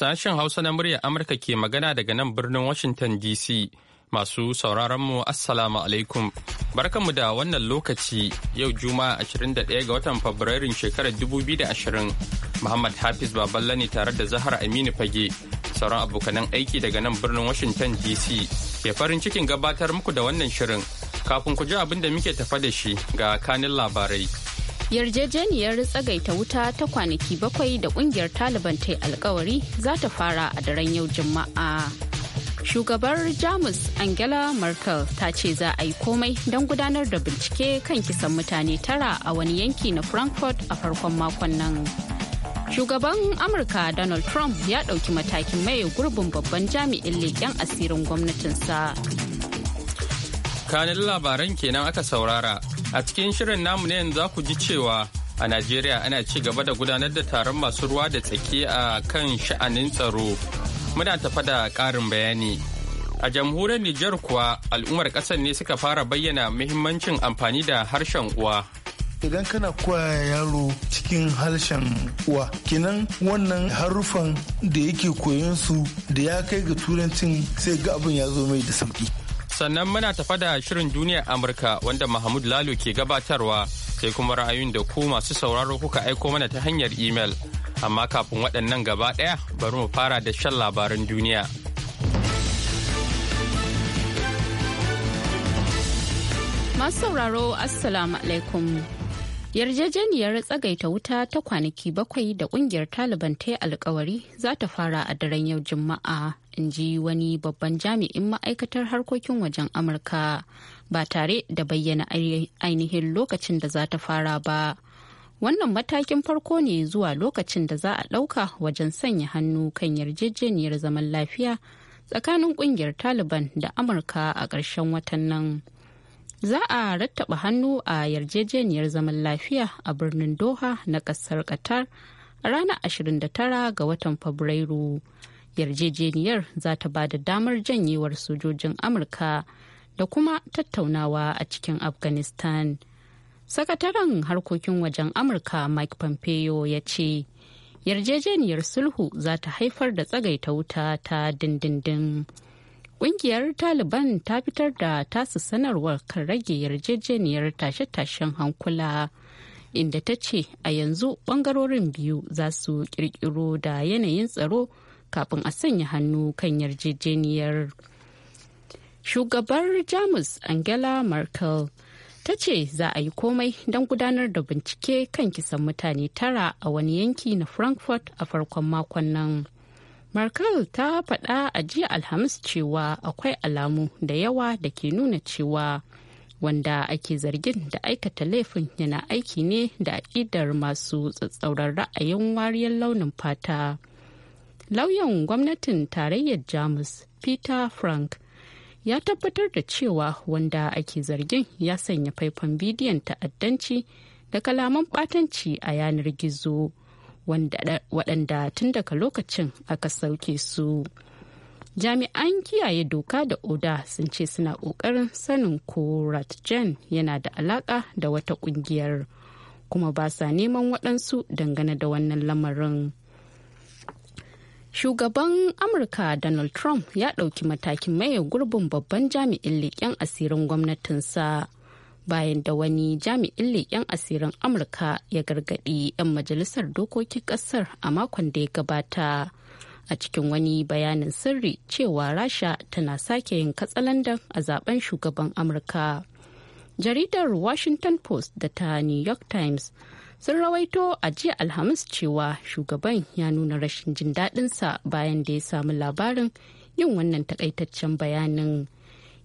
Sashen Hausa na muryar Amurka ke magana daga nan birnin Washington DC. Masu sauraronmu Assalamu alaikum. Barkanmu da wannan lokaci yau Juma'a 21 ga watan Fabrairun shekarar 2020. Muhammad Hafiz Baballa ne tare da Zahar Aminu Fage. Sauran abokanan aiki daga nan birnin Washington DC. Ke farin cikin gabatar muku da wannan shirin. Kafin ku ji abin da muke tafa da shi ga kanin labarai. yarjejeniyar tsagaita wuta ta kwanaki bakwai da kungiyar taliban ta alkawari za ta fara a daren yau juma'a shugabar jamus angela merkel ta ce za a yi komai don gudanar da bincike kan kisan mutane tara a wani yanki na frankfurt a farkon makon nan shugaban amurka donald trump ya ɗauki matakin maye gurbin babban jami'in leƙen asirin gwamnatinsa tsakanin labaran kenan aka saurara a cikin shirin namu ne yanzu ku ji cewa a najeriya ana ci gaba da gudanar da taron masu ruwa da tsaki a kan sha'anin tsaro muna tafa da ƙarin bayani a jamhuriyar nijar kuwa al'ummar ƙasar ne suka fara bayyana muhimmancin amfani da harshen uwa idan kana koya yaro cikin harshen uwa kenan wannan haruffan da yake koyon su da ya kai ga turancin sai ga abin ya zo mai da sauki sannan muna tafa da shirin duniyar amurka wanda mahmud lalo ke gabatarwa sai kuma ra'ayoyin da ku masu sauraro kuka aiko mana ta hanyar imel amma kafin waɗannan gaba ɗaya bari mu fara da shan labaran duniya masu sauraro assalamu alaikum yarjejeniyar tsagaita wuta ta kwanaki bakwai da kungiyar taliban ta yi alkawari za ta fara a daren yau juma'a in ji wani babban jami'in ma'aikatar harkokin wajen amurka ba tare da bayyana ainihin lokacin da za ta fara ba wannan matakin farko ne zuwa lokacin da za a ɗauka wajen sanya hannu kan yarjejeniyar zaman lafiya tsakanin kungiyar taliban da amurka a ƙarshen watan nan. za a rattaba hannu a yarjejeniyar zaman lafiya a birnin doha na kasar qatar a ranar 29 ga watan fabrairu yarjejeniyar za ta ba da damar janyewar sojojin amurka da kuma tattaunawa a cikin afghanistan sakataren harkokin wajen amurka mike pompeo ya ce yarjejeniyar sulhu za ta haifar da tsagaita wuta ta dindindin. Ƙungiyar Taliban ta fitar da tasu sanarwar kan rage yarjejeniyar tashe-tashen hankula inda ta ce a yanzu ɓangarorin biyu za su ƙirƙiro da yanayin tsaro kafin a sanya hannu kan yarjejeniyar. Shugabar Jamus Angela Merkel ta ce za a yi komai don gudanar da bincike kan kisan mutane tara a wani yanki na Frankfurt a farkon makon nan. markal ta faɗa a jiya Alhamis cewa akwai alamu da yawa da ke nuna cewa wanda ake zargin da aikata laifin yana aiki ne da aƙidar masu tsatsauran ra'ayin wariyar launin fata. Lauyan gwamnatin tarayyar Jamus Peter Frank ya tabbatar da cewa wanda ake zargin ya sanya faifan bidiyon ta'addanci da kalaman batanci a yanar gizo. waɗanda tun daga lokacin aka sauke su. jami'an kiyaye doka da oda sun ce suna ƙoƙarin sanin ko ratjen yana da alaƙa da wata ƙungiyar kuma ba sa neman waɗansu dangane da wannan lamarin shugaban amurka donald trump ya ɗauki matakin maye gurbin babban jami'in leƙen asirin gwamnatinsa bayan da wani jami'in leƙen asirin amurka ya gargaɗi 'yan majalisar dokokin ƙasar a makon da ya gabata a cikin wani bayanin sirri cewa rasha tana sake yin katsalandan a zaben shugaban amurka jaridar washington post da ta new york times sun rawaito a jiya alhamis cewa shugaban ya nuna rashin jin daɗinsa bayan da ya samu labarin yin wannan takaitaccen bayanin.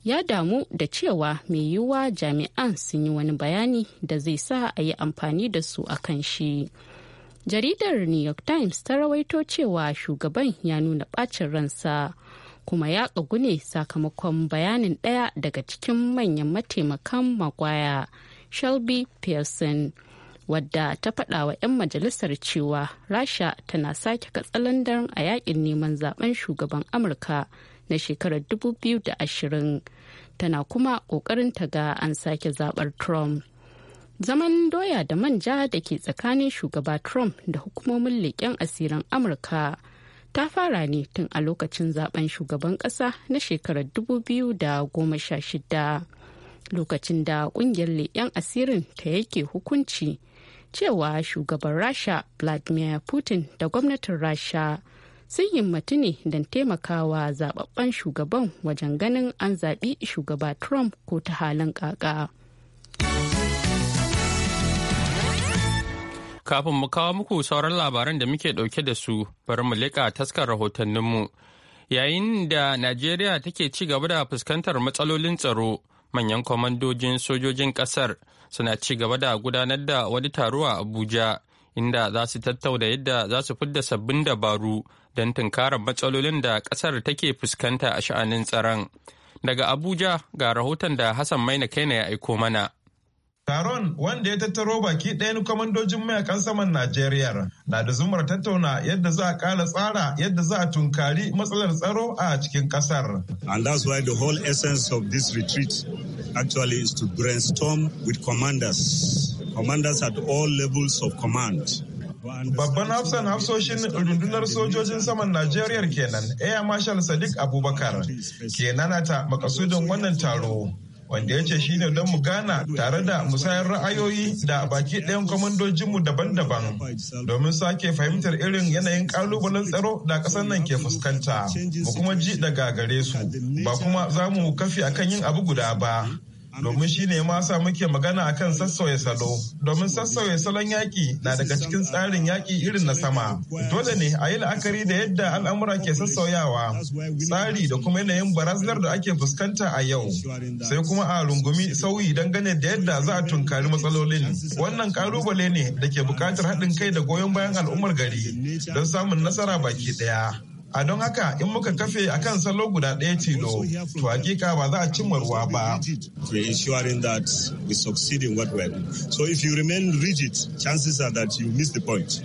ya damu da cewa mai yiwuwa jami'an sun yi wani bayani da zai sa a yi amfani da su a kan shi. Jaridar New York Times ta rawaito cewa shugaban ya nuna ɓacin ransa kuma ya ƙagune sakamakon bayanin ɗaya daga cikin manyan mataimakan magwaya Shelby Pearson. wadda ta faɗa wa 'yan majalisar cewa rasha tana sake katsalandar a yakin neman zaben shugaban amurka na shekarar 2020 tana kuma kokarin ta ga an sake zabar Trump. Zaman doya da manja da ke tsakanin shugaba Trump da hukumomin leƙen asirin Amurka ta fara ne tun a lokacin zaben shugaban ƙasa na shekarar 2016 lokacin da ƙungiyar leƙen asirin ta yake hukunci cewa shugaban Rasha Vladimir Putin da gwamnatin Rasha. sun himmatu ne don taimakawa zababben shugaban wajen ganin an zaɓi shugaba trump ko ta halin ƙaƙa. Kafin mu kawo muku sauran labaran da muke ɗauke da su, bari mu leƙa taskar rahotanninmu. Yayin da Najeriya take ci gaba da fuskantar matsalolin tsaro, manyan kwamandojin sojojin ƙasar suna ci gaba da gudanar da wani taro a Abuja, inda za su tattauna yadda za su fidda sabbin dabaru don tunkarar matsalolin da ƙasar take fuskanta a sha'anin tsaron. Daga Abuja ga rahoton da Hassan Maina Kaina ya aiko mana. Taron wanda ya tattaro baki ɗayan kwamandojin mayakan saman Najeriya na da zumar tattauna yadda za a ƙara tsara yadda za a tunkari matsalar tsaro a cikin ƙasar. And that's why the whole essence of this retreat actually is to brainstorm with commanders, commanders at all levels of command. Babban hafsan hafsoshin rundunar sojojin saman Najeriya kenan Air Marshal Sadiq Abubakar ke nanata makasudin wannan taro. Wanda ya ce shine don mu gana tare da musayar ra'ayoyi da baki ɗayan kwamandojinmu daban-daban domin sake fahimtar irin yanayin ƙalubalen tsaro da ƙasar nan ke fuskanta, mu kuma ji daga gare su, ba kuma za mu kafi akan yin abu guda ba. domin shi ne ma sa muke magana akan sassauya salo domin sassauya salon yaƙi na daga cikin tsarin yaƙi irin na sama dole ne a yi la'akari da yadda al'amura ke sassauyawa tsari da kuma yanayin barazanar da ake fuskanta a yau sai kuma a rungumi sauyi dangane da yadda za a tunkari matsalolin wannan ƙalubale ne da ke buƙatar haɗin kai da goyon bayan al'ummar gari don samun nasara baki ɗaya. A don haka in muka kafe a kan salo guda ɗaya tilo, to hakika ba za a cimma ruwa ba. We ensuring that we succeed in what we doing. So if you remain rigid, chances are that you miss the point.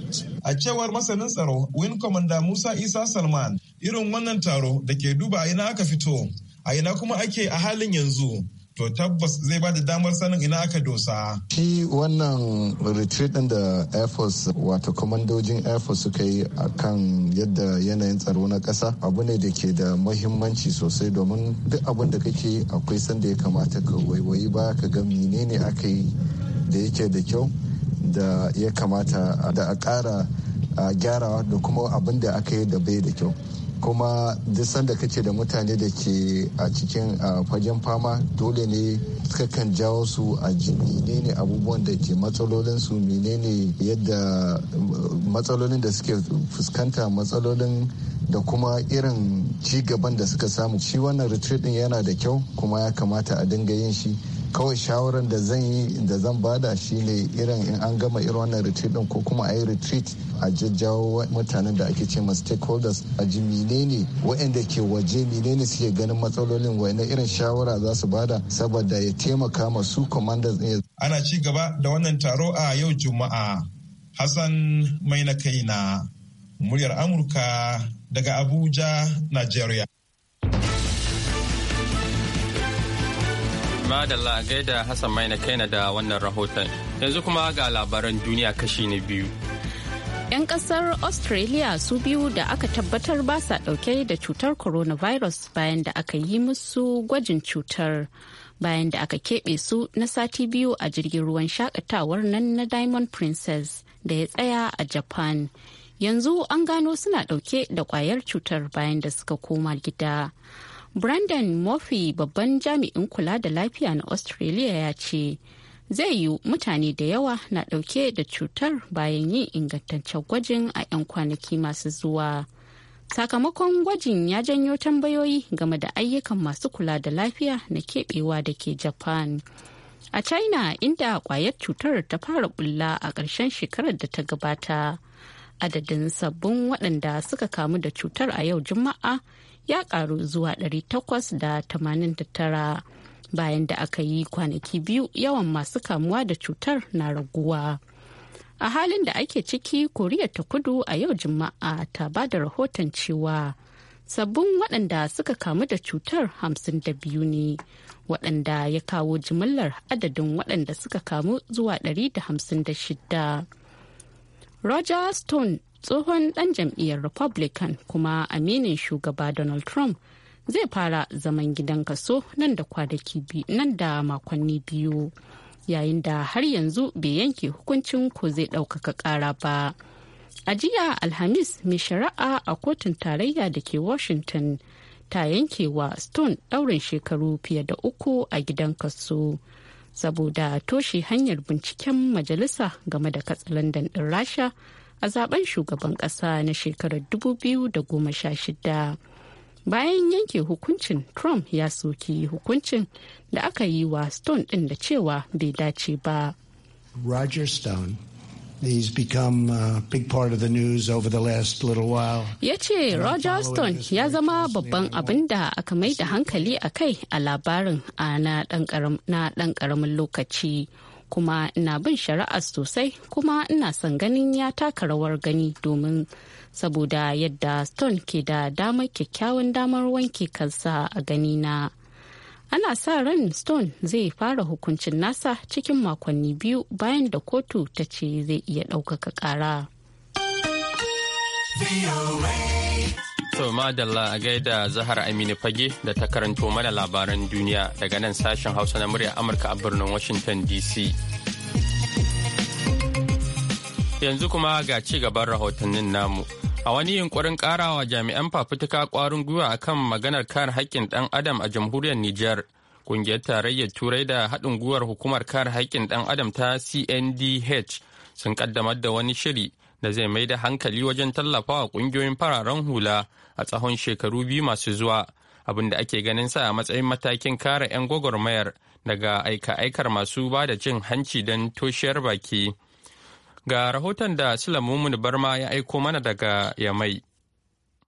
A cewar masanin tsaro, Wing Commander Musa Isa Salman, irin wannan taro da ke duba ina aka fito, a ina kuma ake a halin yanzu. to tabbas zai ba da damar sanin ina aka dosa. Shi wannan retreat ɗin da Air Force wato kwamandojin Air Force suka yi a kan yadda yanayin tsaro na ƙasa abu ne da ke da mahimmanci sosai domin duk abin da kake akwai sanda ya kamata ka waiwayi ba ka ga menene aka yi da yake da kyau da ya kamata da a ƙara gyarawa da kuma abin da aka yi da bai da kyau. kuma duk sanda kace da mutane da ke a cikin fagen fama dole ne kakan jawo su a menene abubuwan da ke matsalolin su menene yadda matsalolin da suke fuskanta matsalolin da kuma irin ci gaban da suka samu shi wannan retreat din yana da kyau kuma ya kamata a dinga yin shi kawai shawarar da zan yi da zan bada shine irin in an gama irin wannan retreat din ko kuma a yi retreat a jajjawo mutanen da ake ce ma stakeholders a ji menene waɗanda ke waje menene suke ganin matsalolin wani irin shawara za su bada saboda ya taimaka ma su commanders ɗin. ana ci gaba da wannan taro a yau juma'a hassan mai na kaina muryar amurka daga abuja nigeria Madalla gaida Hassan Maina kaina da wannan rahoton. Yanzu kuma ga labaran duniya kashi na biyu. 'Yan kasar Australia su biyu da aka tabbatar ba sa dauke da cutar coronavirus bayan da aka yi musu gwajin cutar. Bayan da aka keɓe su na sati biyu a jirgin ruwan shakatawar nan na Diamond Princess da ya tsaya a Japan. Yanzu an gano suna dauke da kwayar cutar bayan da suka koma gida. Brandon Murphy babban jami'in kula da lafiya na Australia ya ce, zai yi mutane da yawa na dauke da cutar bayan yin ingantaccen gwajin a 'yan kwanaki masu zuwa. Sakamakon gwajin ya janyo tambayoyi game da ayyukan masu kula da lafiya na kebewa da ke Japan. A China inda kwayar cutar ta fara bulla a ƙarshen shekarar da ta gabata. Adadin sabbin waɗanda suka kamu da cutar a yau Juma'a ya karu zuwa 889 bayan da aka yi kwanaki biyu yawan masu kamuwa da cutar na raguwa. A halin da ake ciki, Koriya ta kudu a yau Juma'a ta ba da rahoton cewa sabbin waɗanda suka kamu da cutar hamsin biyu ne, waɗanda ya kawo jimillar adadin waɗanda suka kamu zuwa ɗari da da shida. Roger Stone tsohon dan jam'iyyar republican kuma aminin shugaba donald trump zai fara zaman gidan kaso nan da kwanaki nan da makonni biyu yayin da har yanzu bai yanke hukuncin ko zai ɗaukaka ƙara ba a jiya alhamis mai shari'a a kotun tarayya da ke washington ta yanke wa stone ɗaurin shekaru fiye da uku a gidan kaso saboda toshe hanyar binciken majalisa game da katsalandan ɗin rasha a zaben shugaban ƙasa na shekarar 2016. Bayan yanke hukuncin Trump ya soki hukuncin da aka yi wa Stone ɗin da cewa bai dace ba. Roger Stone He's become a big of the last little Ya ce Roger Stone ya zama babban abin da aka mai da hankali a kai a labarin na ɗan ƙaramin lokaci. kuma ina bin shari'ar sosai kuma ina son ganin ya taka rawar gani domin saboda yadda stone ke da damar kyakkyawan damar wanke kansa a gani na ana sa ran stone zai fara hukuncin nasa cikin makonni biyu bayan da kotu ta ce zai iya ɗaukaka ƙara. da madalla a gaida Zahar Aminu Fage da ta karanto mana labaran duniya daga nan sashen Hausa na murya Amurka a birnin Washington DC. Yanzu kuma ga ci gaban rahotannin namu. A wani yunkurin karawa jami'an fafutuka kwarin gwiwa a kan maganar kare haƙƙin ɗan adam a jamhuriyar Nijar. Kungiyar tarayyar Turai da haɗin gwiwar hukumar kare haƙƙin ɗan adam ta CNDH sun ƙaddamar da wani shiri da zai mai da hankali wajen tallafawa kungiyoyin fararen hula a tsahon shekaru biyu masu zuwa abin da ake ganin sa a matsayin matakin kare 'yan gwagwarmayar daga aika-aikar masu ba da cin hanci don toshiyar baki ga rahoton da mumun barma ya aiko mana daga yamai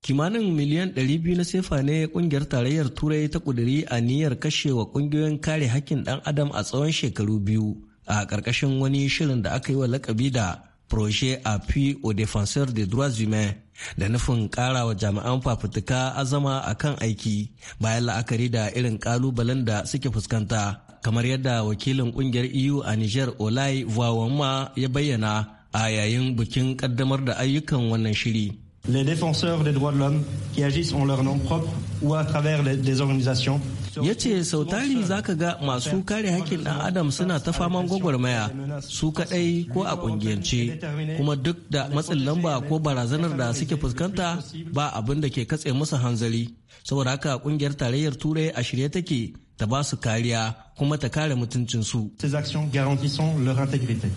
kimanin miliyan 200 na sefa ne kungiyar tarayyar turai ta kuduri a niyyar kashewa kungiyoyin kare hakkin dan adam a tsawon shekaru biyu a ƙarƙashin wani shirin da aka yi wa lakabi da projet appui aux défenseurs des droits humains da nufin wa jami'an fafutuka azama a kan aiki bayan la'akari da irin kalubalen da suke fuskanta kamar yadda wakilin kungiyar eu a niger olai vawamma ya bayyana a yayin bikin kaddamar da ayyukan wannan shiri Les défenseurs des droits de l'homme qui agissent en leur nom propre ou à travers les, des organisations ya ce sau tari za ka ga masu kare hakkin ɗan adam suna ta faman gwagwarmaya su kaɗai ko a ƙungiyance kuma duk da matsin lamba ko barazanar da suke fuskanta ba abin da ke katse musu hanzari saboda haka ƙungiyar tarayyar turai a shirye take ta ba su kariya kuma ta kare mutuncinsu.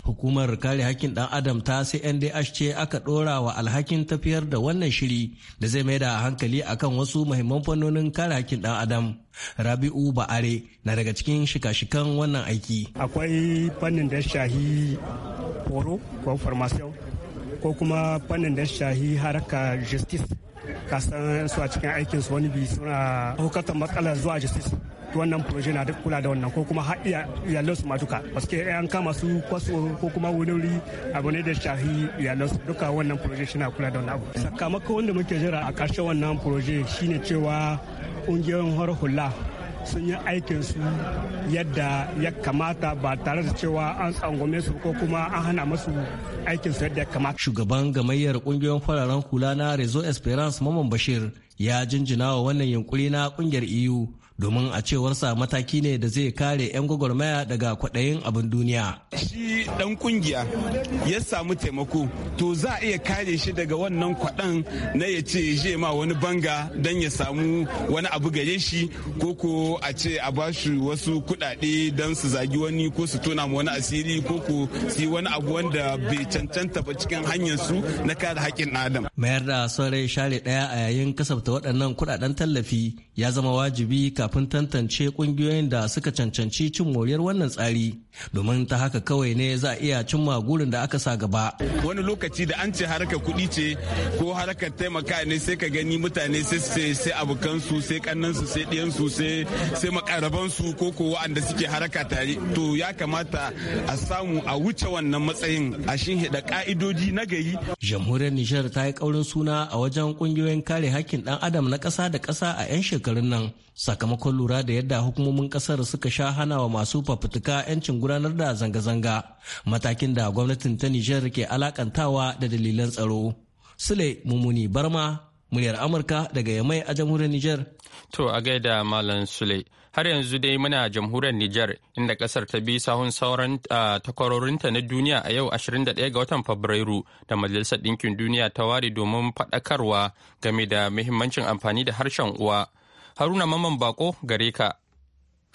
Hukumar kare hakkin ɗan Adam ta CNDH ce aka ɗora wa alhakin tafiyar da wannan shiri da zai mai da hankali akan wasu muhimman fannonin kare hakkin ɗan Adam. Rabi'u Ba'are na daga cikin shika-shikan wannan aiki. Akwai fannin da shahi horo ko farmasiyon ko kuma fannin da shahi haraka justice kasan su a cikin aikinsu wani bi suna hukatar matsalar zuwa justice wannan proje na duk kula da wannan ko kuma har iyalan su matuka paske an kama su kwaso ko kuma wani wuri abu ne da shahi iyalan su duka wannan proje shi na kula da wannan abu sakamako wanda muke jira a ƙarshen wannan proje shine cewa ƙungiyoyin har hula sun yi aikin su yadda ya kamata ba tare da cewa an tsangwame su ko kuma an hana masu su yadda ya kamata. Shugaban gamayyar kungiyoyin fararen hula na Rezo Esperance Maman Bashir ya jinjina wa wannan yunkuri na kungiyar EU domin a cewarsa mataki ne da zai kare 'yan gwagwarmaya daga kwaɗayin abin duniya. Shi ɗan kungiya ya samu taimako to za a iya kare shi daga wannan kwaɗan na ya ce je ma wani banga don ya samu wani abu gare shi ko ko a ce a ba shi wasu kuɗaɗe don su zagi wani ko su tona wani asiri ko ko su yi wani abu wanda bai cancanta ba cikin hanyar su na kare haƙƙin adam. Mayar da son share ɗaya a yayin kasafta waɗannan kuɗaɗen tallafi ya zama wajibi ka kafin tantance kungiyoyin da suka cancanci cin moriyar wannan tsari domin ta haka kawai ne za a iya cin gurin da aka sa gaba wani lokaci da an ce harkar kuɗi ce ko harkar taimaka ne sai ka gani mutane sai sai abokansu sai kannansu sai ɗiyansu sai sai makarabansu ko ko wa'anda suke haraka tare to ya kamata a samu a wuce wannan matsayin a hida ka'idoji na gari jamhuriyar nijar ta yi kaurin suna a wajen kungiyoyin kare hakkin ɗan adam na ƙasa da ƙasa a 'yan shekarun nan sakamakon lura da yadda hukumomin kasar suka sha hana wa masu fafutuka 'yancin gudanar da zanga-zanga matakin da gwamnatin ta Nijar ke alakantawa da dalilan tsaro. Sule Mumuni Barma, muryar Amurka daga Yamai a jamhuriyar Nijar. To a gaida Malam Sule, har yanzu dai muna jamhuriyar Nijar inda kasar ta bi sahun sauran takwarorinta na duniya a yau 21 ga watan Fabrairu da Majalisar Ɗinkin Duniya ta ware domin faɗakarwa game da muhimmancin amfani da harshen uwa. Haruna Mamman Bako gare ka.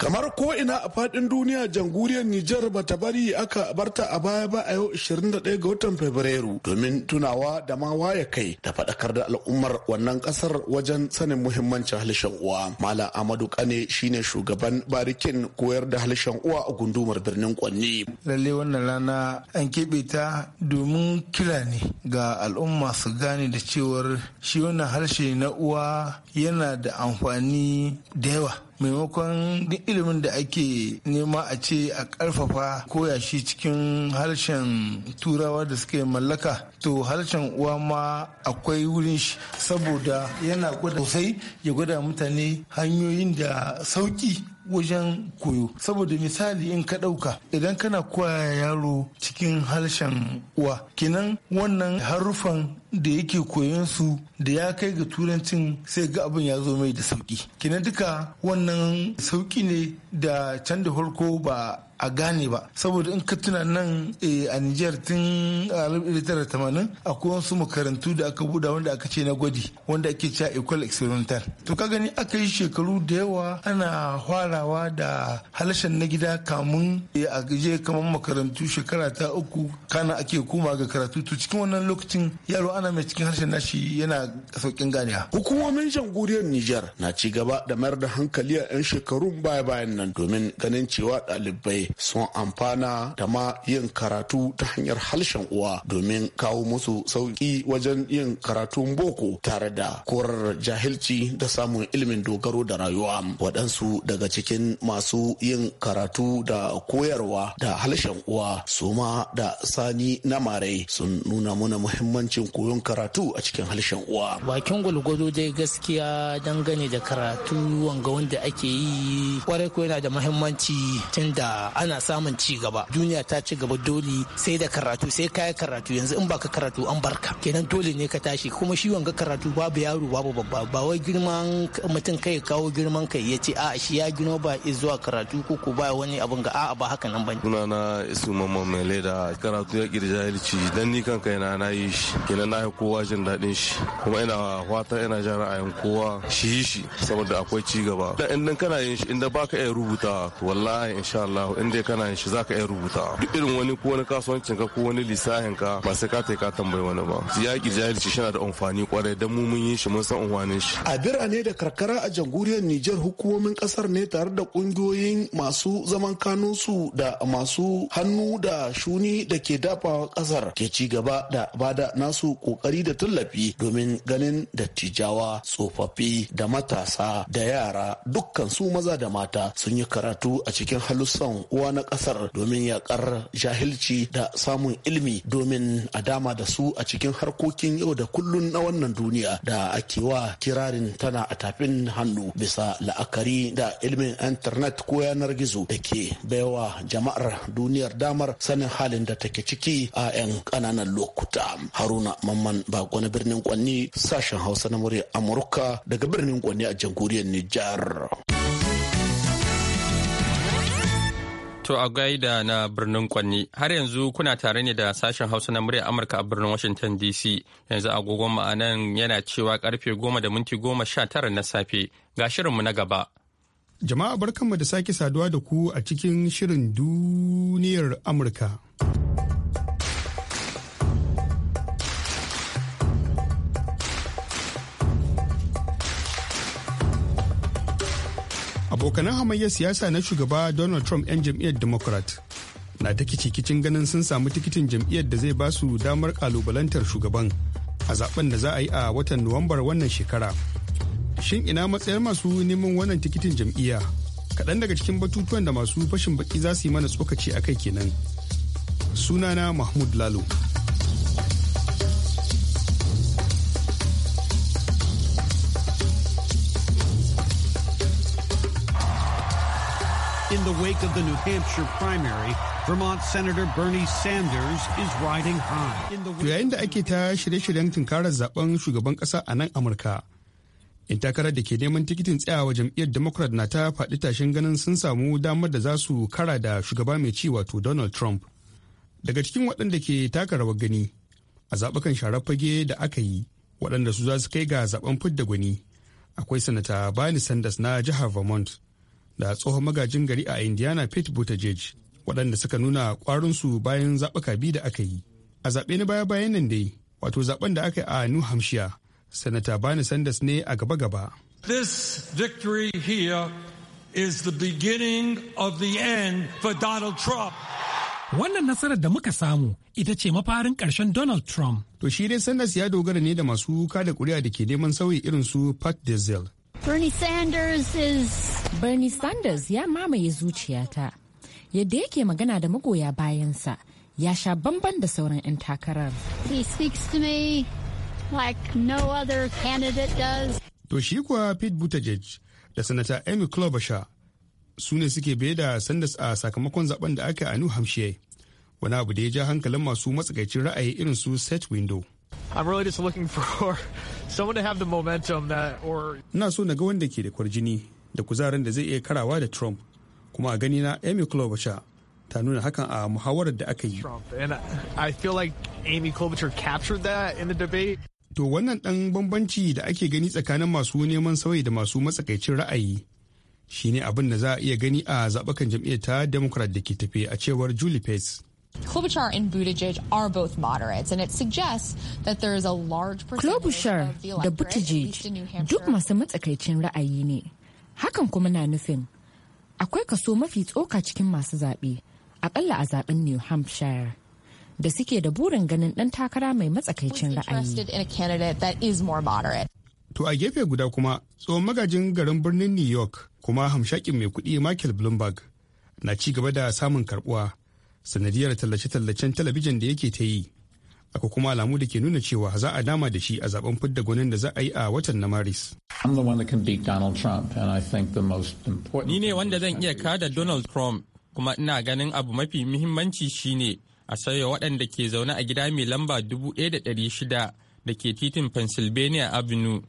kamar ko ina a fadin duniya jamhuriyar Nijar ta bari aka barta a baya ba a yau 21 ga watan Fabrairu domin tunawa da ma waya kai da fadakar da al'ummar wannan kasar wajen sanin muhimmancin halishan uwa. Mala Amadu Kane shine shugaban barikin koyar da halishan uwa a gundumar birnin Kwanni. Lalle wannan rana an keɓe ta domin kira ne ga al'umma su gane da cewar shi wannan harshe na uwa yana da amfani da yawa maimakon duk ilimin da ake nema a ce a karfafa koya shi cikin harshen turawa da suke mallaka to harshen uwa ma akwai wurin shi saboda yana gwada sosai ya gwada mutane hanyoyin da sauki wajen koyo saboda misali in ka ɗauka idan kana koya yaro cikin harshen uwa kenan wannan haruffan da yake koyon su da ya kai ga turancin sai ga abin ya zo mai da sauki kina duka wannan sauki ne da can da farko ba a gane ba saboda in ka tuna nan eh, a Nijar tun a 1980 akwai su makarantu da aka buda wanda aka ce na gwaji wanda ake cewa ecole experimental to ka gani aka yi shekaru da yawa ana farawa da halashen na gida kamun eh, a je kamar makarantu shekara ta uku kana ake koma ga karatu to cikin wannan lokacin yaro nan mai cikin harshen nashi yana saukin ganiya. Hukumomin jamhuriyar Nijar na ci gaba da mayar da hankali a 'yan shekarun baya bayan nan domin ganin cewa ɗalibai sun amfana da ma yin karatu ta hanyar harshen uwa domin kawo musu sauki wajen yin karatun boko tare da korar jahilci da samun ilimin dogaro da rayuwa. Waɗansu daga cikin masu yin karatu da koyarwa da harshen uwa su ma da sani na Mare sun nuna mana muhimmancin koyo koyon karatu a cikin harshen uwa bakin gwalgwado dai gaskiya dangane da karatu wanga wanda ake yi kwarai ko yana da mahimmanci tun da ana samun ci gaba duniya ta ci gaba dole sai da karatu sai kaya karatu yanzu in baka karatu an barka kenan dole ne ka tashi kuma shi wanga karatu babu yaro babu babba ba wai girman mutum kai kawo girman kai ya ce a'a shi ya gino ba zuwa karatu ko ko ba wani abin ga a'a ba haka nan bane sunana isu mamman mai leda karatu ya kirjahilci dan ni kanka yana na yi shi kenan na ra'ayin kowa jin daɗin shi kuma ina fata ina jin ra'ayin kowa shi yi shi saboda akwai ci gaba da in kana yin shi inda baka iya rubuta wallahi insha Allah in dai kana yin shi zaka iya rubuta duk irin wani ko wani kasuwancin ka ko wani lisahin ka ba sai ka ta ka tambayi wani ba yaki jahilci shi da amfani kwarai dan mu mun yi shi mun san amfanin shi a birane da karkara a jamhuriyar Nijar hukumomin kasar ne tare da kungiyoyin masu zaman kanunsu da masu hannu da shuni da ke dafawa kasar ke ci gaba da bada nasu ko kokari da tallafi domin ganin dattijawa tsofaffi da matasa da yara dukkan su maza da mata sun yi karatu a cikin halussan uwa na kasar domin yakar jahilci da samun ilimi domin a dama da su a cikin harkokin yau da kullun na wannan duniya da ake wa kirarin tana a tafin hannu bisa la'akari da ilimin intanet ko yanar gizo da ke baiwa jama'ar duniyar damar sanin halin da take ciki a 'yan ƙananan lokuta haruna Mamman Bako na birnin Kwanni sashen Hausa na murya Amurka daga birnin Kwanni a jamhuriyar Nijar. To a gaida na birnin Kwanni har yanzu kuna tare ne da sashen Hausa na murya Amurka a birnin Washington DC yanzu agogon ma'anan yana cewa karfe goma da minti goma sha tara na safe ga shirinmu na gaba. Jama'a barkanmu da sake saduwa da ku a cikin shirin duniyar Amurka. abokanan hamayyar siyasa na shugaba donald trump 'yan jam'iyyar democrat na ta kicikicin ganin sun samu tikitin jam'iyyar da zai ba su damar kalubalantar shugaban a zaben da za a yi a watan nuwambar wannan shekara shin ina matsayar masu neman wannan tikitin jam'iyya kaɗan daga cikin batutuwan da masu fashin baki za su yi mana tsokaci a kai kenan sunana mahmud lalo In the wake of the New Hampshire primary, Vermont Senator Bernie Sanders is riding high. Yayin da ake ta shirye-shiryen tunkarar zaben shugaban kasa a nan Amurka, in takarar da ke neman tikitin tsayawa jam'iyyar Democrat na ta faɗi tashin ganin sun samu damar da za su kara da shugaba mai ci wato Donald Trump. Daga cikin waɗanda ke taka rawar gani a zaɓukan sharar fage da aka yi, waɗanda su za su kai ga zaben fidda gwani, akwai Sanata Bernie Sanders na jihar Vermont. da tsohon magajin gari a indiana pete buttigieg waɗanda suka nuna su bayan zaɓuka biyu da aka yi a zaɓe na baya-bayan nan dai wato zaɓen da aka yi a new hampshire sanata bani sanders ne a gaba-gaba this victory here is the beginning of the end for donald trump wannan nasarar da muka samu ita ce mafarin ƙarshen donald trump to shi dai sanders ya dogara ne da masu da kuri'a da ke neman sauyi irin su pat dezel Bernie Sanders is Bernie Sanders ya mamaye zuciyata. Yadda yake magana da magoya bayansa ya sha bamban da sauran 'yan takarar. He speaks to me like no other candidate does. To shi kuwa Pete Buttigieg da Sanata Amy Klobuchar su ne suke biye da Sanders a sakamakon zaben da aka a New Hampshire. Wani abu da ya ja hankalin masu matsakaicin ra'ayi irin su set Window. I'm really just looking for someone to have the momentum that or ina so na ga wanda ke da kwarjini da kuzarin da zai iya karawa da Trump kuma a gani na Amy Klobuchar ta nuna hakan a muhawarar da aka yi. To wannan ɗan bambanci da ake gani tsakanin masu neman sauyi da masu matsakaicin ra'ayi shine abin da za a iya gani a zaɓakan jam'iyyar ta Democrat da ke tafe a cewar Julie Pace. Klobuchar and Buttigieg are both moderates, and it suggests that there is a large Klobuchar da Buttigieg duk masu matsakaicin ra'ayi ne. Hakan kuma na nufin akwai kaso mafi tsoka cikin masu zaɓe, akalla a zaɓen New Hampshire. Da suke da burin ganin ɗan takara mai matsakaicin ra'ayi. To a gefe guda kuma tsohon magajin garin birnin New York kuma hamshakin mai kuɗi Michael Bloomberg na ci gaba da samun karbuwa sanadiyar tallace-tallacen talabijin da yake ta yi aka kuma alamu da ke nuna cewa za a dama da shi a zaben fidda gwanin da za a yi a watan na maris ni ne wanda zan iya kada donald trump kuma ina ganin abu mafi muhimmanci shine a sauya waɗanda ke zaune a gida mai lamba 1600 da ke titin pennsylvania avenue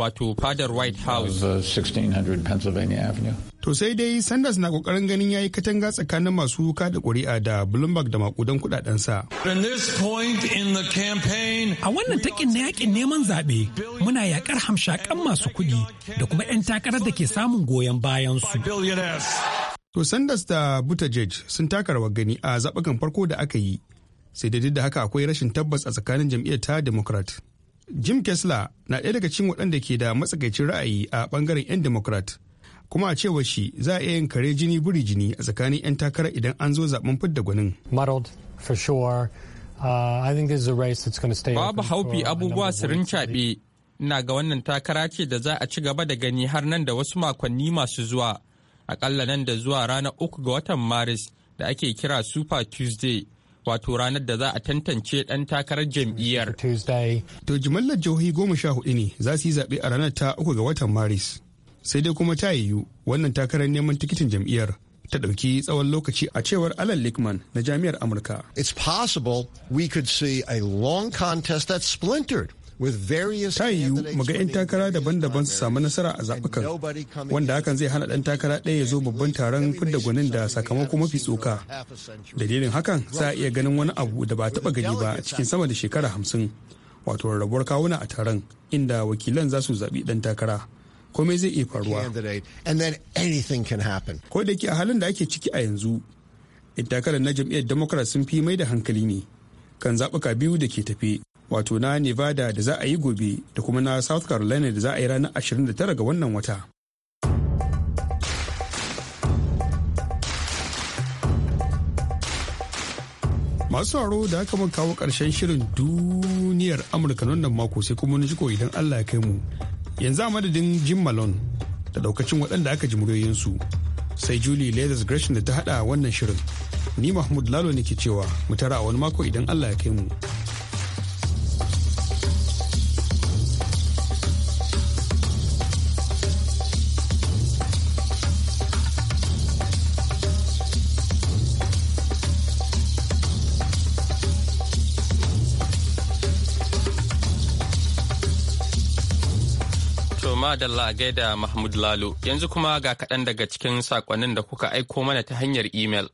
wato fadar White House. Uh, to sai dai Sanders na kokarin ganin yayi katanga tsakanin masu wuka da ƙuri'a da Bloomberg da makudan sa A wannan takin na yakin neman zaɓe muna yakar hamshakan masu kuɗi da kuma 'yan takarar da ke samun goyon bayan su. To Sanders da Buttigieg sun taka rawar gani a zaɓukan farko da aka yi. Sai da da haka akwai rashin tabbas a tsakanin jam'iyyar ta Democrat. Jim Kessler na ɗaya daga cikin waɗanda ke da matsakaicin ra'ayi a ɓangaren 'yan Democrat. Kuma a cewar shi za a iya yin kare jini buri jini a tsakanin 'yan takara idan an zo zaben fidda gwanin. Uh, Babu haufi abubuwa sirrin caɓe. Ina ga wannan takara ce da za a ci gaba da gani har nan da wasu makonni masu zuwa. Akalla nan da zuwa ranar uku ga watan Maris da ake kira Super Tuesday. wato ranar da za a tantance ɗan takarar jam'iyyar. To jimallar jihohi goma sha hudu ne za su yi zaɓe a ranar ta uku ga watan Maris. Sai dai kuma ta yiwu wannan takarar neman tikitin jam'iyyar ta ɗauki tsawon lokaci a cewar Alan Lickman na Jami'ar Amurka. It's possible we could see a long contest that's splintered. ta yiwu ga 'yan takara daban-daban su samu nasara a zaɓukan wanda hakan zai hana ɗan takara ɗaya ya zo babban taron fidda gwanin da sakamako mafi tsoka dalilin hakan za a iya ganin wani abu da ba taɓa gani ba cikin sama da shekara hamsin wato rarrabuwar kawuna a taron inda wakilan za su zaɓi ɗan takara komai zai iya faruwa ko da ke a halin da ake ciki a yanzu yan takarar na jam'iyyar democrat sun fi mai da hankali ne kan zaɓuka biyu da ke tafe wato na nevada da za a yi gobe da kuma na south carolina da za a yi ranar 29 ga wannan wata masu sauraro da aka mun kawo karshen shirin duniyar amurka wannan mako sai kuma ji ko idan allah ya kai mu yanzu a madadin jim malone da daukacin waɗanda aka ji muryoyinsu sai julie leathers gresham da ta haɗa wannan shirin ni mahmud lalo ne ke cewa mu tara a wani mako idan allah ya kai mu. a gaida Mahmud Lalo, yanzu kuma ga kaɗan daga cikin saƙonnin da kuka aiko mana ta hanyar imel.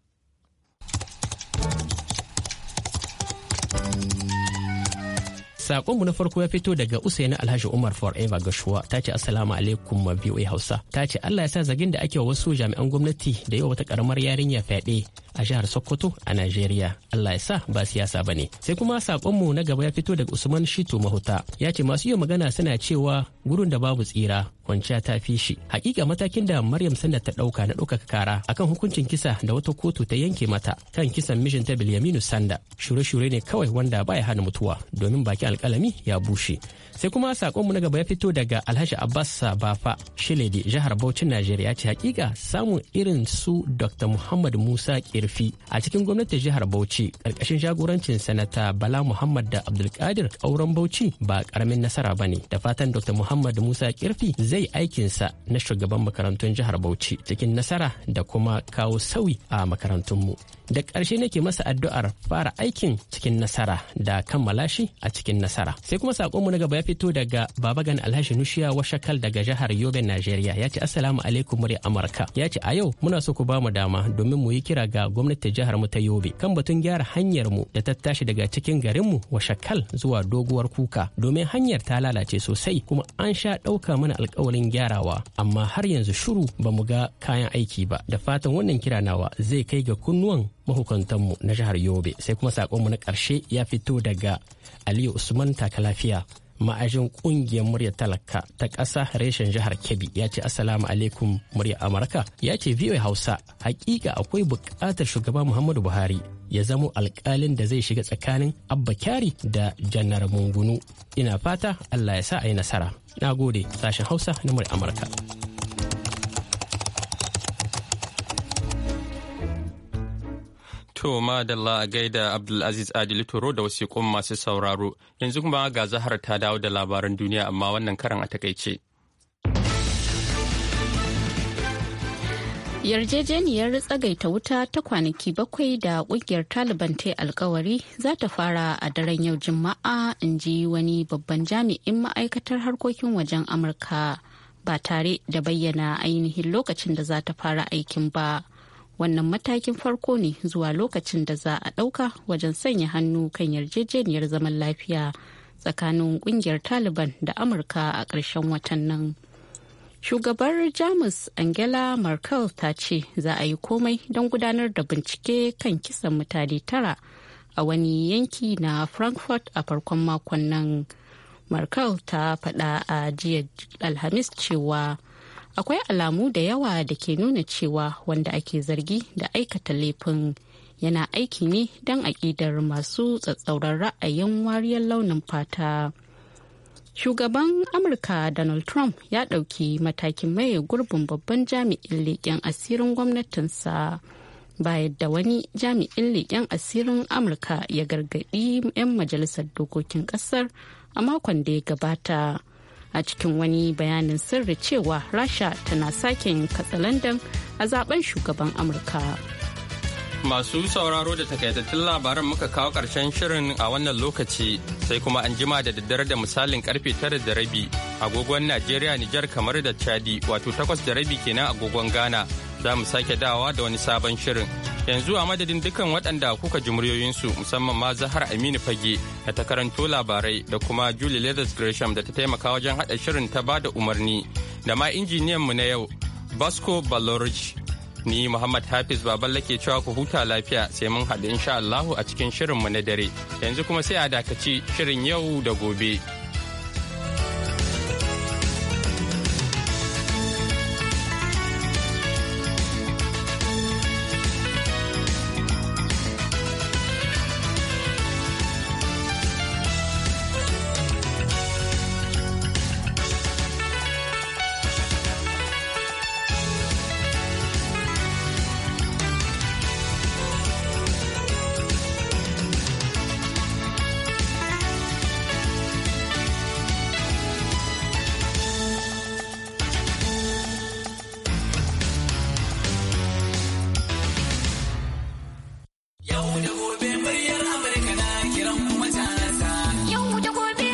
Sakonmu na farko ya fito daga Usaini Alhaji Umar Forever Gashuwa ta ce Assalamu alaikum ma VOA Hausa. Ta ce Allah ya sa zagin da ake wasu jami'an gwamnati da yau wata karamar yarinya fyaɗe a jihar Sokoto a Najeriya. Allah ya sa ba siyasa ba ne. Sai kuma sakonmu na gaba ya fito daga Usman Shitu Mahuta. Ya ce masu yin magana suna cewa gurin da babu tsira kwanciya ta fi shi. Hakika matakin da Maryam Sanda ta ɗauka na ɗaukaka kara akan hukuncin kisa da wata kotu ta yanke mata kan kisan mijinta Bilyaminu Sanda. Shure-shure ne kawai wanda baya hana mutuwa domin baki alkalami ya bushe sai kuma sakonmu na gaba ya fito daga alhaji abbas sabafa shilede jihar bauchin najeriya ce hakika samun irin su dr muhammad musa kirfi a cikin gwamnatin jihar bauchi karkashin jagorancin sanata bala muhammad da abdulkadir auren bauchi ba karamin nasara ba ne da fatan dr muhammad musa kirfi zai aikinsa na shugaban makarantun jihar bauchi cikin nasara da kuma kawo sauyi a makarantunmu da ƙarshe nake masa addu'ar fara aikin cikin nasara da kammala shi a cikin nasara sai kuma saƙonmu na gaba ya fito daga babagan alhaji nushiya washakal daga jihar yobe najeriya ya ce assalamu alaikum muri amurka ya ce a yau muna so ku ba mu dama domin mu yi kira ga gwamnati jihar mu ta yobe kan batun gyara hanyar mu da ta tashi daga cikin garin mu washakal zuwa doguwar kuka domin hanyar ta lalace sosai kuma an sha ɗauka mana alkawarin gyarawa amma har yanzu shuru ba mu ga kayan aiki ba da fatan wannan kiranawa zai kai ga kunnuwan mahukantanmu na jihar yobe sai kuma sakonmu na ƙarshe ya fito daga aliyu usman taka lafiya ma'ajin kungiyar muryar talaka ta ƙasa reshen jihar kebbi ya ce assalamu alaikum muryar amurka ya ce voa hausa hakika akwai buƙatar shugaba muhammadu buhari ya zamo alƙalin da zai shiga tsakanin abba kyari da janar mungunu ina fata allah ya sa a yi nasara na gode sashen hausa na muryar amurka To madalla a gaida Abdulaziz Adil Toro da wasiƙun masu sauraro. Yanzu kuma ga Zahar ta dawo da labaran duniya amma wannan karan a takaice. yarjejeniyar tsagaita wuta ta kwanaki bakwai da kungiyar taliban ta alkawari za ta fara a daren yau juma'a in ji wani babban jami'in ma'aikatar harkokin wajen amurka ba tare da bayyana ainihin lokacin da za ta fara aikin ba. wannan matakin farko ne zuwa lokacin da za a ɗauka wajen sanya hannu kan yarjejeniyar zaman lafiya tsakanin kungiyar taliban da amurka a ƙarshen watan nan shugabar jamus angela merkel ta ce za a yi komai don gudanar da bincike kan kisan mutane tara a wani yanki na frankfurt a farkon makon nan merkel ta faɗa a jiya alhamis cewa akwai alamu da yawa da ke nuna cewa wanda ake zargi da aikata laifin yana aiki ne don aƙidar masu tsatsauran ra'ayin wariyar launin fata shugaban amurka donald trump ya ɗauki matakin maye gurbin babban jami'in leƙen asirin gwamnatinsa bayan da wani jami'in leƙen asirin amurka ya gargaɗi 'yan majalisar dokokin ƙasar a makon da ya gabata. a cikin wani bayanin sirri cewa rasha tana sake yin katsalandan a zaben shugaban amurka masu sauraro da takaitattun labaran muka kawo karshen shirin a wannan lokaci sai kuma an jima da daddare da misalin karfe tara da rabi agogon najeriya nijar kamar da chadi wato takwas da rabi kenan agogon ghana za mu sake dawa da wani sabon shirin. Yanzu a madadin dukkan waɗanda kuka ji muryoyinsu musamman ma Zahar Aminu Fage da ta karanto labarai da kuma Julie Leathers Gresham da ta taimaka wajen haɗa shirin ta ba da umarni da ma injiniyan mu na yau Basco Balorji. Ni Muhammad Hafiz baban lake cewa ku huta lafiya sai mun haɗu insha Allahu a cikin shirin mu na dare. Yanzu kuma sai a dakaci shirin yau da gobe.